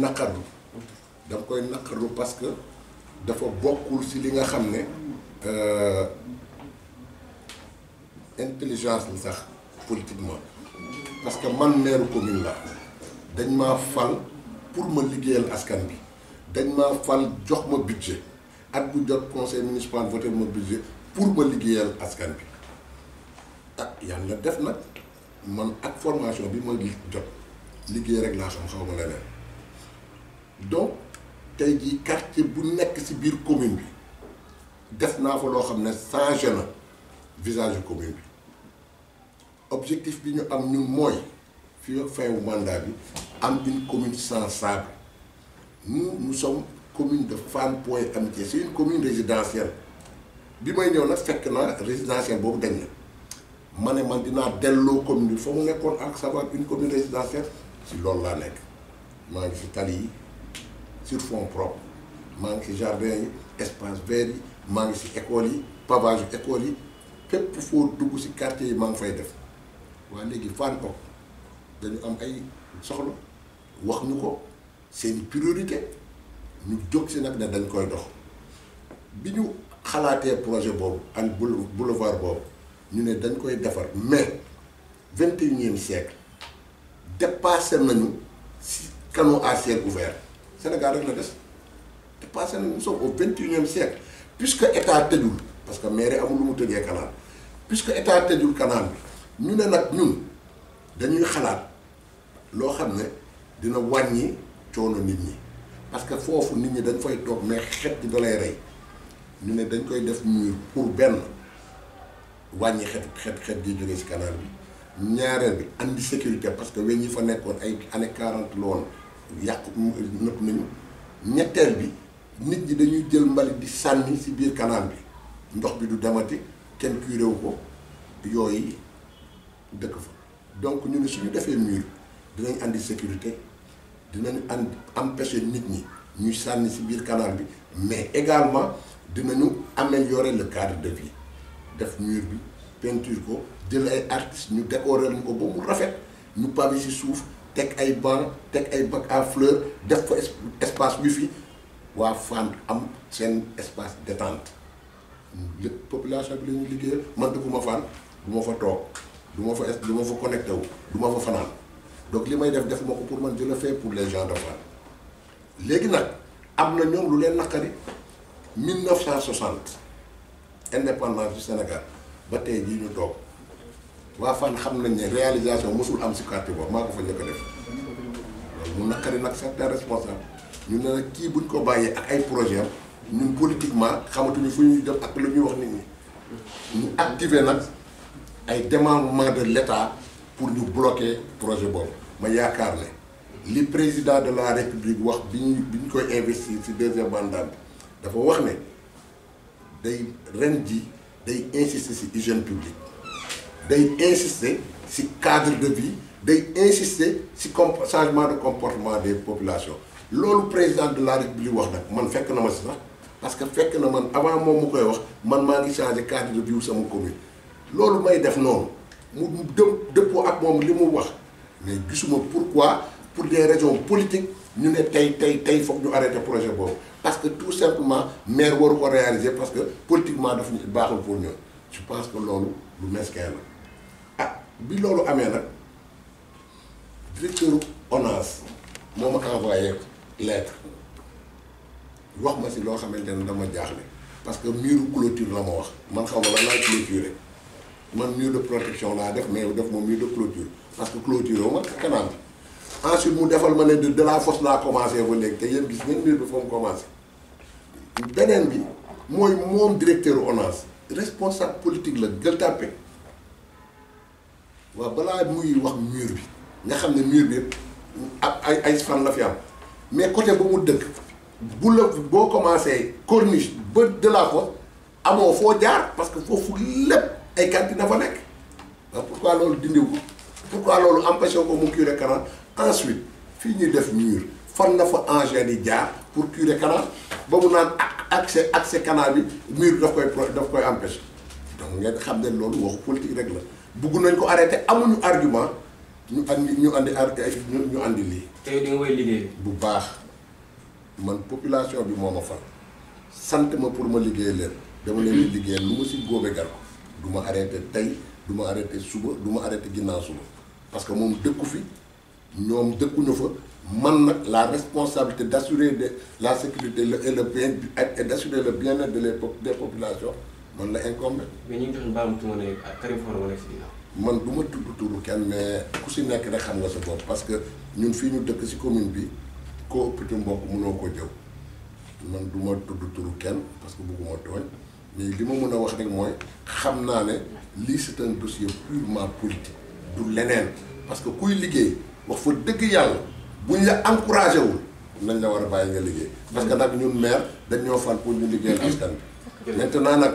Je dama koy parce que dafa un ci li nga euh, intelligence politiquement parce que man maire commune dañ pour ma liguer askan bi dañ fal jox ma budget at bu jot conseil municipal voter ma budget pour ma askan bi ah, def man formation bi jot donc tey jii quartier bu nekk ci biir commune bi def fa loo na visage commune bi objectif bi ñu am ñun mooy fii fin wu mandat bi am une commune sans sable nous nous sommes commune de fan Point Amitié c'est une commune résidentielle bi may a fait que na résidentielle boobu dañ na ma man dinaa delloo commune bi fa mu nekkoon ak savoir une commune résidentielle ci loolu laa nekk maa ngi ci tali sur fonds propre manque jardin espace vert manque maa ngi si écoles pavage école. yi fépp foo dugg si quartier yi maa ngi fay def waa léegi Fann Hock dañu am ay soxla wax c'est ko priorité ñu jóg si nag ne dañ koy dox bi khalaté projet bob al boulevard Bob, ñu né dañ koy défar mais 21e siècle dépassé nañu si canon à ciel ouvert c'est la des nous sommes au XXIe e siècle puisque état tëjul parce que mairie amul lu mu puisque état canal ñu ne nak ñun dañuy nous sommes xamné dina nit parce que sommes nit ñi dañ fay mais xet koy def pour ben xet xet xet canal bi sécurité parce que nous fa nekkoon ay nous avons nañu ñetteel bi nit ñi dañuy jël de di canal bi ndox bi du demati ko donc nous Nous fait faire mur dinañ sécurité dinañ de empêcher nit ñi canal mais également nous améliorer le cadre de vie avons mur bi peinture ko des artistes décorer tek ay banc tek ay bac à fleur def ko espace wifi wa Fann am sen espace détente le population bi la ñuy liggéeyal man dëgguma Fann du ma fa toog du ma fa du ma fa connecté wu du ma fa fanaan donc li may def def ma ko pour man je le fais pour les gens de Fann léegi nag am na ñoom lu leen naqari 1960 indépendance du Sénégal ba tey jii ñu toog Wafan Fann xam nañ ne réalisation mosul am si quartier boobu maa ko fa njëkk a def loolu mu naqari nag certains responsable ñu ne nag kii buñ ko bàyyee ak ay projet am ñun politiquement xamatuñu fu ñuy def ak lu ñuy wax nit ñi ñu activer nag ay démembrement de l'État pour ñu bloquer projet boobu ma yaakaar ne li président de la république wax bi ñu bi ñu koy investir si deuxième mandat bi dafa wax ne day ren ji day insister si hygiène publique d'insister insister le cadre de vie d'insister insister le changement de comportement des populations le président de la république wax dit. man fekk na ma ça. parce que que na man avant que nous koy wax man maa changer cadre de vie sama commune loolu may def que mu dë dëppoo ak moom li mu wax mais pas pourquoi pour des raisons politiques nous devons arrêter le projet parce que tout simplement maire waru ko réaliser parce que politiquement daf ñu baaxul pour nous. je pense que ce lu mesquin la bi loolu amé nak directeur ONAS moo ma envoyé lettre wax ma si lo xamantene dama jaxlé parce que mur clôture la ma wax man xaw ma la laay clôturer man mur de protection la def mais def moom mur de clôture parce que clôture yoo ma kanam ensuite mu defal ma ne de de la fosse la commencé ba léegi té yéen gis ngeen mur bi fa mu commencé beneen bi moy mom directeur ONAS responsable politique la gël tapé waaw balaa muy wax mur bi nga xam ne mur bi ay ay fan la fi am mais côté mu la corniche de la vous parce que ay ah, pourquoi loolu pourquoi loolu empêché ko ensuite fii de def mur fan la fa pour curé canal ba mu naan accès accès canal bi mur daf koy koy donc ngeen politique rek bugu nañ ko arrêté amuñu argument ñu andi ñu andi ñu andi man population bi ma pour ma liggéey leen. dama leen di lu ma si gobe gar du arrêté tay du suba parce que moom dëkku fi la responsabilité d'assurer la sécurité et le bien le bien-être de les des populations. man la incombe mais ñu ngi jox baaram tuuma ne Karim man du ma tudd turu kenn mais ku si nekk rek xam nga sa bopp parce que ñun fii ñu dëkk si commune bi koo ëpp ci mbokk mënoo ko jëw man du ma tudd turu kenn parce que bëgguma tooñ mais li ma mën a wax rek mooy xam naa ne lii c'est un dossier purement politique du leneen parce que kuy liggéey wax fa dëgg yàlla buñ la encouragé wul nañ la war a bàyyi nga liggéey parce que nag ñun maire dañ ñoo fal pour ñu liggéeyal askan bi naa nag